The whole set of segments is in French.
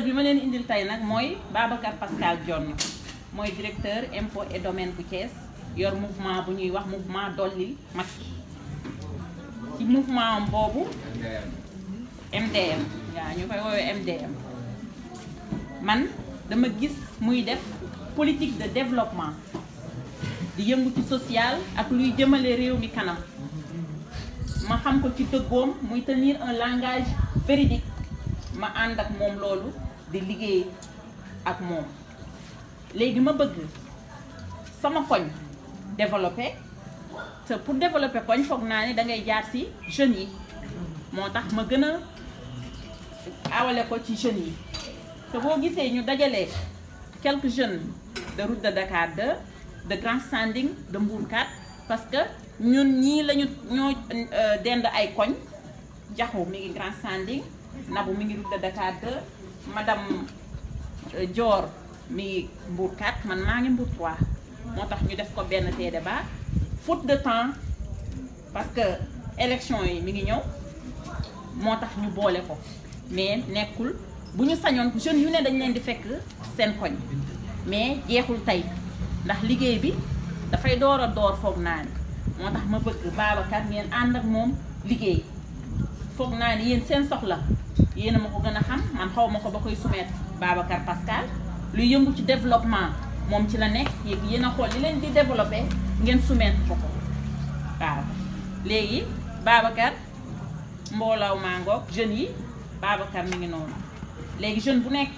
directeur bi ma leen indil tey nag mooy Babacar Pascal Dione mooy directeur info et domaine bu Thiès yor mouvement bu ñuy wax mouvement Dolli Macky ci mouvement am boobu MDM waaw ñu koy woowee MDM man dama gis muy def politique de développement di yëngu ci social ak luy jëmale réew mi kanam ma xam ko ci dëggoom muy tenir un langage véridique ma ànd ak moom loolu di liggéey ak moom léegi ma bëgg sama koñ développer te pour développer koñ foog naa ne da ngay jaar ci jeunes yi moo ma gëna a awale ko ci jeunes yi te bo gissé ñu dajalé quelques jeunes de route de Dakar de de Grand Standing de Mbourkat parce que ñun ñi lañu ñoo euh, dend ay koñ jaxu mi ngi Grand Standing nabu mi ngi route de Dakar 2, madame euh, Dior mi 4 man je ngi en 3 ñu def ko ben débat de temps parce que élection yi mi ngi ñew motax ñu bolé ko mais nekul bu ñu yu né dañ leen di fekk sen koñ mais jéxul tay ndax bi a door foog naa motax ma bëgg Babacar ngeen and ak mom liggéey yeen sen soxla yéen ma ko gën a xam man xaw ma ko ba koy soumettre Babacar Pascal luy yëngu ci développement moom ci la nekk yéen a xool li leen di développé ngeen soumettre ko ko waaw léegi Babacar mbooloo maa ngoog jeunes yi Babacar mi ngi noonu léegi jeune bu nekk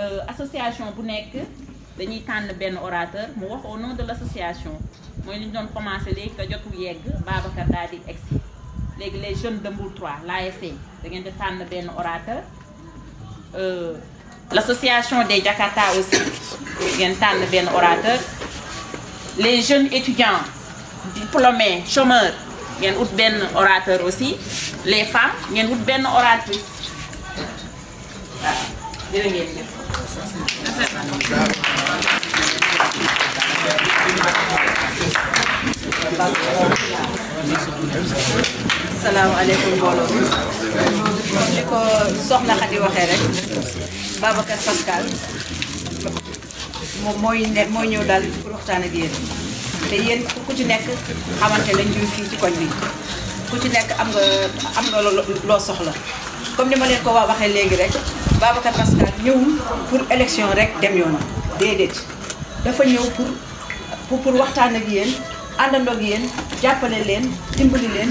euh, association bu nekk dañuy tànn benn orateur mu wax au nom de l' association mooy li ñu doon commencé léegi ka jotu yegg Babacar daal di egsi les jeunes de Mbour 3 l'ASC da ngeen di euh, L'association orateur des Jakarta aussi da ngeen tànn orateurs. les jeunes étudiants diplômés chômeurs ngeen out ben orateur aussi les femmes ngeen out ben oratrice Merci. Merci. salaamaaleykum mbooloo mi li ko soxna yi waxee rek Babacar Pascal moom mooy ne mooy ñëw daal pour waxtaan ak yéen te yéen ku ci nekk xamante lañ ñun fii ci koñ bi ku ci nekk am nga am nga loo soxla comme ni ma leen ko waa waxee léegi rek Babacar Pascal ñëwul pour élection rek dem yoon déedéet dafa ñëw pour pour waxtaan ak yéen àndandoo ak yéen jàppale leen dimbali leen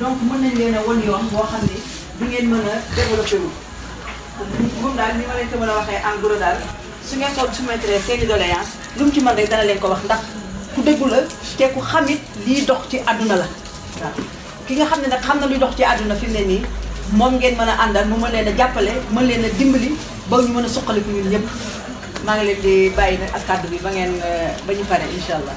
donc mën nañ leen a wan yoon boo xam ne du ngeen mën a développé wu moom daal ni ma leen ko mën a waxee en gros daal su ngeen ko su maitre i doléance lu mu ci mën rek dana leen ko wax ndax ku déggu la te ku xamit lii dox ci àdduna la waaw ki nga xam ne nag xam na luy dox ci àdduna fi mu ne nii moom ngeen mën a àndal mu mën leen a jàppale mën leen a dimbali ba ñu mën a suqaliku ñun ñëpp maa ngi leen di bàyyi nag ak kàddu bi ba ngeen ba ñu pare incha allah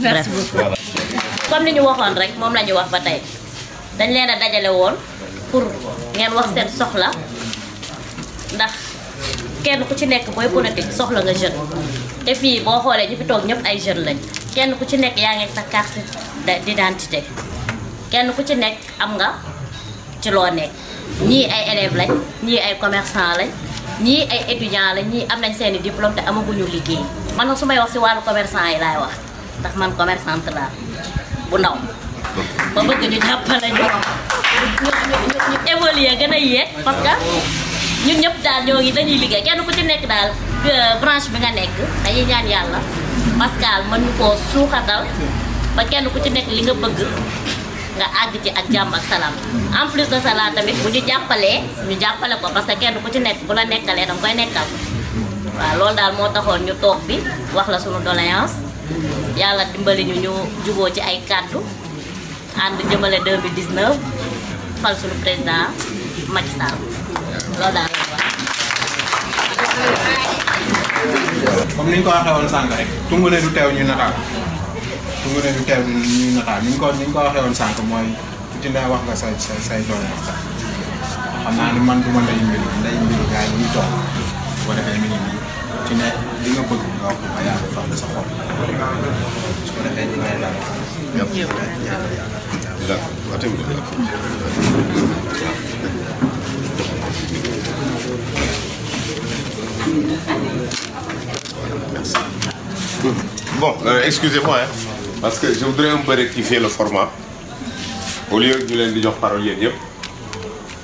merci beaucoup comme ni ñu waxoon rek la wax pour ngeen wax seen soxla ndax kenn ku ci nekk booy politique soxla nga jeune te fii boo xoolee ñu fi toog ñëpp ay jeune lañ kenn ku ci nekk yaa ngi sa carte d'identité kenn ku ci nekk am nga ci loo nekk ñii ay élève lañ ñii ay commerçant lañ ay étudiant am nañ diplôme te liggéey man wax commerçant ndax man commerçante la bu ndaw ba bëgg ñu jàppale ñu ñu évoluer gën a yéeg parce que ñun ñëpp daal ñoo ngi dañuy liggéey kenn ku ci nekk daal branche bi nga nekk dañuy ñaan yàlla Pascal mën ñu koo suuxatal ba kenn ku ci nekk li nga bëgg nga àgg ci ak jàmm ak salaam en plus de ça tamit bu ñu jàppalee ñu nek ko parce que kenn ku ci nekk bu la koy nekkal ñu bi wax la sunu doléance yàlla dimbali ñu ñu juboo ci ay kàddu ànd jëmale 2019 fal suñu président Macky Sall loolu daal la wax. comme ni ñu ko waxee woon sànq rek Toumboulet du teew ñu nataal Toumboulet du teew ñu nataal ni ñu ko ni ko waxee woon sànq mooy ku ci ne wax nga sa say say doole wax xam naa ni man du ma ndey mbiru ndey mbiru gars yi ñuy toog bu defee mi Bon, euh, excusez-moi, hein, parce que je voudrais un peu rectifier le format. Au lieu de dire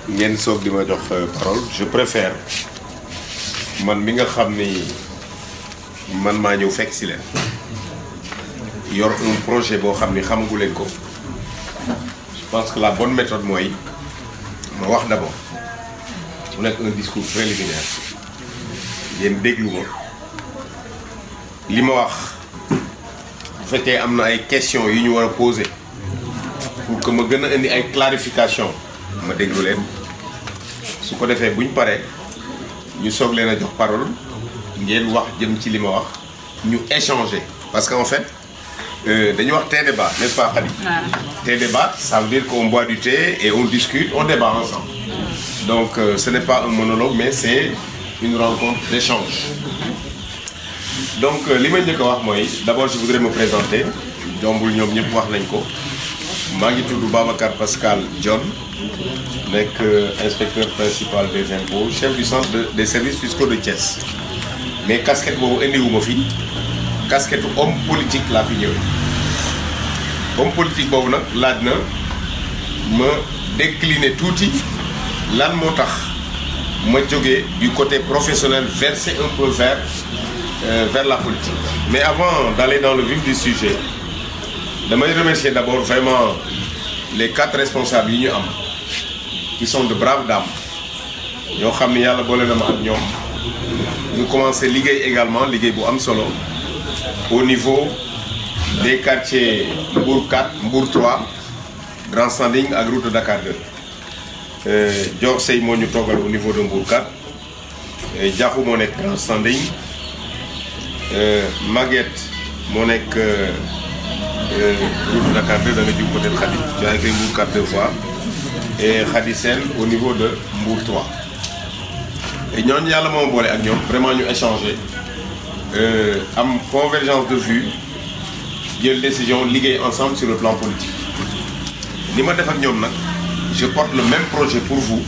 euh, parole, je préfère man mi nga xam ni man maa ñëw fekk si leen yor un projet boo xam ni xamagu leen ko je pense que la bonne méthode mooy ma wax d'abord mu nekk un discours préliminaire yéen déglu ko li ma wax bu fekkee am na ay questions yu ñu war a poser pour que ma gën a indi ay clarification ma déglu leen su ko defee buñ paree nous sommes les de parole Nous wax jëm ci échanger parce qu'en fait euh, dañu wax thé débat n'est-ce pas Khadi thé débat ça veut dire qu'on boit du thé et on discute on débat ensemble donc euh, ce n'est pas un monologue mais c'est une rencontre d'échange donc euh, l'image ñëk je wax d'abord je voudrais me présenter Je ñom ñëpp wax ko Pascal John que euh, inspecteur principal des impôts chef du centre des services fiscaux de Thiès mais casquette casquette homme politique la fi homme politique me tout décliner tout de suite, ma du côté professionnel verser un peu vers euh, vers la politique. mais avant d'aller dans le vif du sujet je remercier d'abord vraiment les quatre responsables qui sont de braves dames ñoo xam ni yàlla boole na ma ak ñoom ñu commencé Ligue également liggéey bu am solo au niveau des quartiers Mbour 4 Mbour 3 Grand Sanding ak route de Dakar 2 euh, Dior Sey moo ñu au niveau de Mbour 4 euh, Diakhou moo nekk Grand Euh, Maguette moo euh, euh, route de Dakar 2 dans le jiw peut-être xarit. jaay Mbour 4 deux fois et Khadisel au niveau de Mbour Nous avons vraiment échangé. boole ak ñoom vraiment ñu échanger euh, am convergence de décision liée ensemble sur le plan politique je porte le même projet pour vous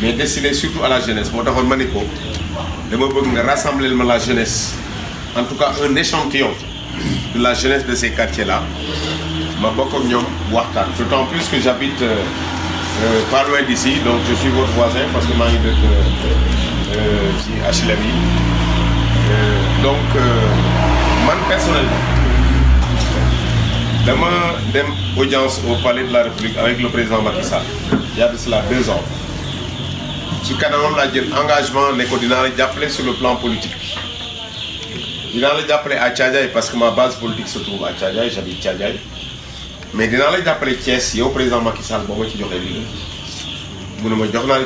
mais destiné surtout à la jeunesse Je veux rassembler la jeunesse en tout cas un échantillon de la jeunesse de ces quartiers là ma suis d'autant plus que j'habite euh, euh, pas loin d'ici, donc je suis votre voisin parce que ma je suis donc, euh, moi, personnellement, eu une audience au palais de la République avec le président Macky il y a de cela deux ans Ce suis a jël engagement les coordinate sur le plan politique Il la appelé à Tchadjaï parce que ma base politique se trouve à Tchadjaï, j'habite Tchadjaï mais dinaa la jàppale Thiès le président Macky Sall boo ci venir. ndigal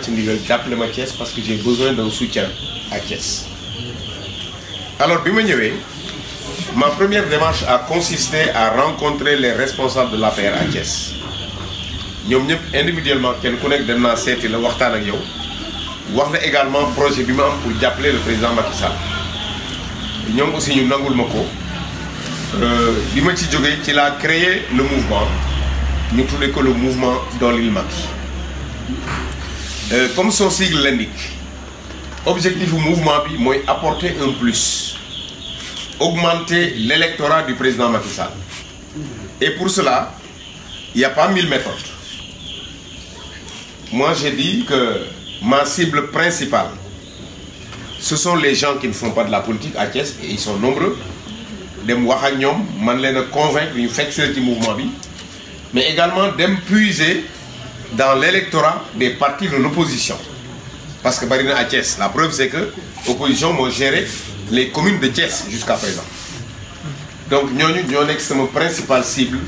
mu ne ma jox parce que j'ai besoin d'un soutien à Thiès alors bima ma ma première démarche a consisté à rencontrer les responsables de l'affaire à Thiès ñom ñep individuellement ken ku nekk dem naa seeti la waxtaan ak yow wax également projet pour appeler le président Macky Sall ñom aussi ñu nangul mako euh, il ma il a créé le mouvement nous trouvons que le mouvement dans l'île Maki. Euh, comme son sigle l'indique objectif du mouvement est apporter un plus augmenter l'électorat du président Macky et pour cela il n'y a pas mille méthodes moi j'ai dit que ma cible principale ce sont les gens qui ne font pas de la politique à Thiès et ils sont nombreux de wax convaincre ñu fekk ci mouvement mais également dem dans l'électorat des partis de l'opposition parce que Barina la preuve c'est que l'opposition m'a géré les communes de Thiès jusqu'à présent donc nous sommes nek sama principale cible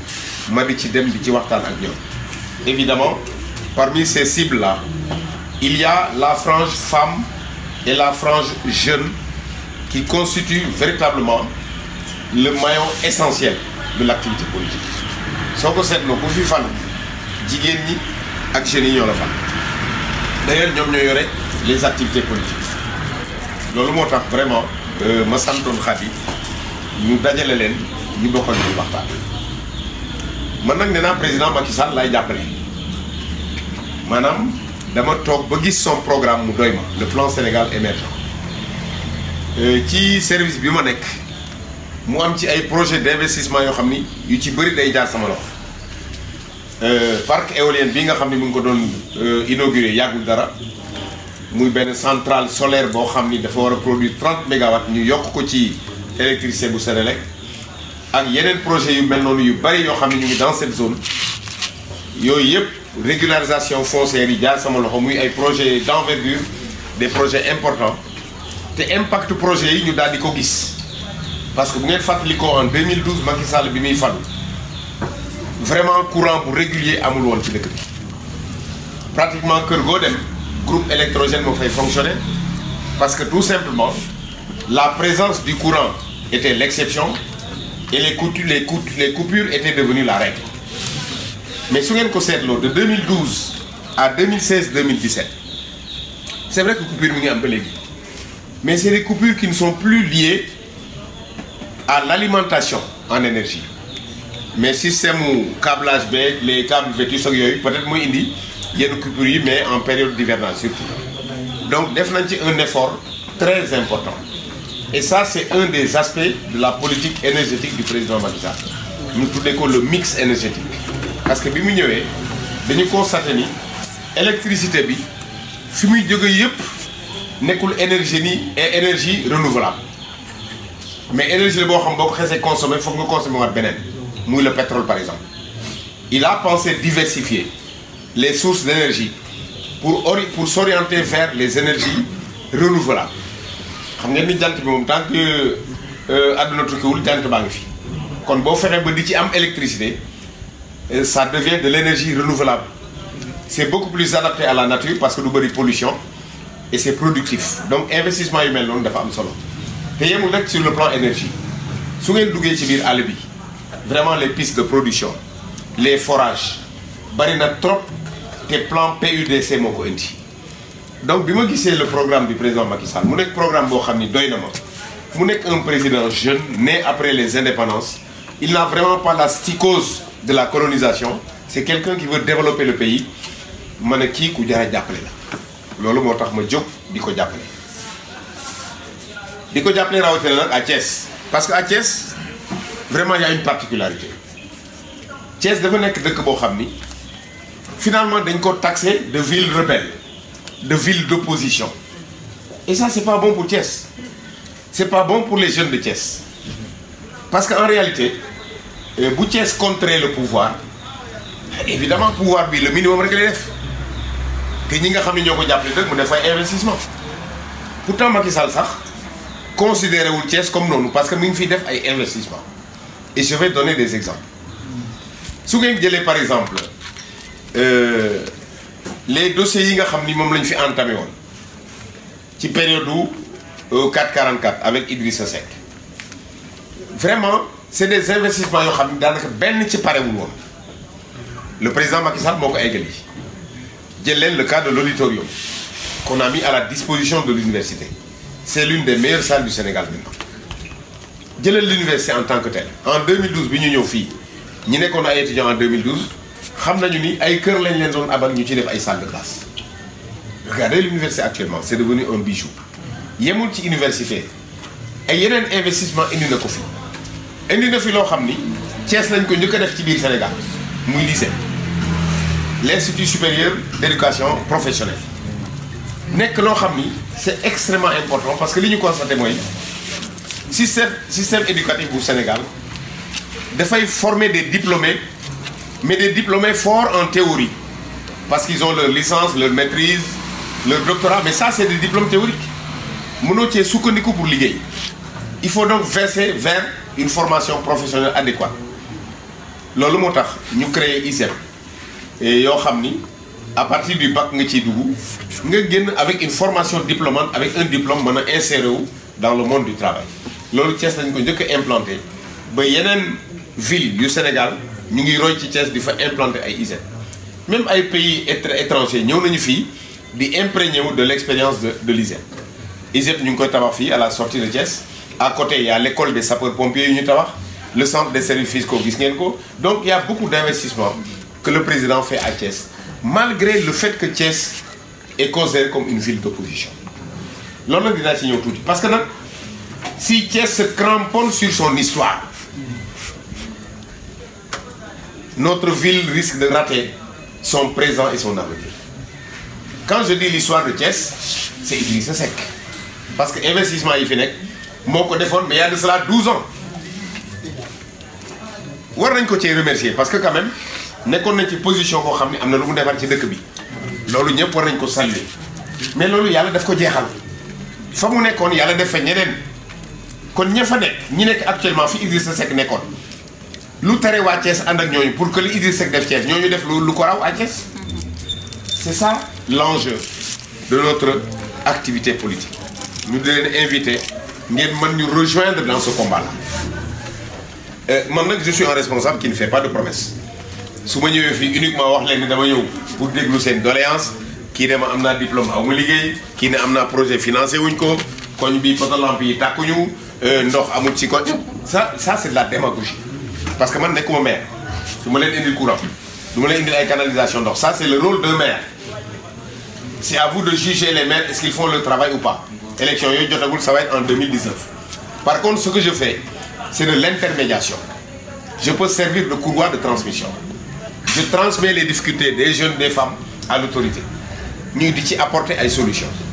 ma di ci évidemment parmi ces cibles là il y a la frange femme et la frange jeune qui constituent véritablement le maillon essentiel de l'activité politique soo ko seetloo ku fi fan jigéen ñi ak la fan d'ailleurs ñoom ñoo les activités politiques loolu moo tax vraiment euh, ma santoon xat yi ñu dajale leen ñu bokkal ñu waxtaan man nag nee président Macky Sall laay jàppale maanaam dama toog ba gis son programme mu doy ma le plan Sénégal émergent euh, ci service bi ma mu am ci ay projet d'investissement yo xamni très yu ci bari day jaar sama euh parc éolien bi nga xamni mu ngi doon euh inaugurer yàggul dara muy ben centrale solaire qui xamni dafa wara produire 30 mégawatts ñu yok ko ci électricité bu Sénélec ak yenen projet yu mel yu bari xamni ñu ngi dans cette zone yooyu yëpp régularisation foncière yi jaar sama loxo muy ay projet d'envergure des projets importants té impact projet yi ñu dal di ko gis parce que vous avez en 2012 Macky Sall bi fait vraiment courant pour régulier à Moulouan. pratiquement que groupe électrogène m'a fait fonctionner parce que tout simplement la présence du courant était l'exception et les coupures étaient devenues la règle mais si vous ko de 2012 à 2016 2017 c'est vrai que les coupures sont un peu mais c'est des coupures qui ne sont plus liées à l'alimentation en énergie mais si c'est un câblage B, les câbles vêtus sont peut-être moins indi a une coupure, mais en période d'hiver surtout donc def un effort très important et ça c'est un des aspects de la politique énergétique du président Macky Nous trouvons le mix énergétique parce que nous mu constaté ni électricité bi fi de jóge n'est nekkul énergie et énergie renouvelable mais l'énergie la boo xam boo ko xesee consommé nga consommer le pétrole par exemple il a pensé diversifier les sources d'énergie pour pour s'orienter vers les énergies renouvelables xam savez, ni jant bi tant que euh, àdduna fi kon on électricité euh, ça devient de l'énergie renouvelable c'est beaucoup plus adapté à la nature parce que nous la pollution et c'est productif donc investissement humain, mel noonu dafa am solo et sur le plan énergie Si vous avez ci vraiment les pistes de production les forages bari a trop de plans PUDC donc si vous le programme du président Macky Sall avez un programme qui est ni un président jeune né après les indépendances il n'a vraiment pas la sticose de la colonisation c'est quelqu'un qui veut développer le pays Je ne kii qui a la ma jóg il faut appeler à Thiès parce qu'à Tchès, vraiment, il y a une particularité Thiès un de dëkk boo xam finalement dañ ko taxé de ville rebelle de ville d'opposition et ça ce n'est pas bon pour Thiès n'est pas bon pour les jeunes de Thiès parce qu'en réalité si euh, Thiès contrait le pouvoir évidemment le pouvoir bi le minimum rek lay def te ñi nga xam ne ñoo mu def investissement pourtant Macky considérer Oultiès comme non, parce que mi ngi fait def investissement et je vais donner des exemples Souvenez-vous, par exemple euh, les dossiers qui ont été mis en qui fi entamé 444 euh, avec Idrissa Seck vraiment c'est des investissements qui ont été mis en ci le président Macky Sall moo ko eggali le cas de l'auditorium qu'on a mis à la disposition de l'université c'est l'une des meilleures salles du Sénégal maintenant jëlal l'université en tant que telle. en 2012 nous avons fait ñi étudiants en 2012 Nous avons ni ay kër lañ leen salles salle de classe regardez l'université actuellement c'est devenu un bijou Il y université ay universités investissement il y ko fi investissement na fi qui est nous Thiès lañ ko njëkk def ci biir Sénégal muy l'institut supérieur d'éducation professionnelle nek lo c'est extrêmement important parce que nous ñu constaté le système système éducatif au Sénégal fay former des diplômés mais des diplômés forts en théorie parce qu'ils ont leur licence leur maîtrise leur doctorat mais ça c'est des diplômes théoriques pour il faut donc verser vers une formation professionnelle adéquate loolu motax ñu créer ISEP et yo à partir du bac nga ci avec une formation diplômante avec un diplôme mën inséré dans le monde du travail Nous Thiès lañ ko njëkk a implanté ba yenen ville du Sénégal ñu ngi roy Thiès implanté ay même ay pays étrangers nous, nañu imprégné de l'expérience de de l'ISEP ISEP ñu fille koy à la sortie de Thiès à côté il y a l'école des sapeurs pompiers ñu le centre des services fiscaux donc il donc y a beaucoup d'investissements que le président fait à Thiès malgré le fait que Thiès est considérée comme une ville d'opposition L'on a dit. parce que si Thiès se cramponne sur son histoire notre ville risque de rater son présent et son avenir quand je dis l'histoire de Thiès c'est Idrissa sec. parce que l'investissement est fait, mon côté fort, mais il y a de cela 12 ans On nañ remercier parce que quand même nekkoon nañ ci position boo xam ne am na lu mu defar ci dëkk bi loolu ñëpp war nañ ko saluer mais loolu yàlla daf ko jeexal fa mu nekkoon yàlla def fa ñeneen kon ña fa nekk ñi nekk actuellement fi Idrissa Seck nekkoon lu tere waa Thiès ànd ak ñooñu pour que li Idrissa Seck def Thiès ñooñu def lu lu ko raw à Thiès c'est ça l'ange de notre activité politique ñu di leen invité ngeen mën ñu rejoindre dans ce combat là euh, man nag je suis un responsable qui ne fait pas de promesses si je ñëwee fii uniquement wax leen ni dama ñëw pour déglu seen doléance qui ne ma diplôme aw ma liggéey kii ne projet financé wuñ ko koñ bi poto lamp yi tàkkuñu euh, ndox amul ci koñ ça ça c'est de la démagogie parce que man comme maire du ma leen indil courant Je suis leen indil ay canalisation ndox ça c'est le rôle d'un maire c'est à vous de juger les maires est-ce qu'ils font le travail ou pas élection yooyu ça va être en 2019 par contre ce que je fais c'est de l'intermédiation je peux servir de couloir de transmission je transmets les difficultés des jeunes des femmes à l'autorité nous dit apporter une solutions.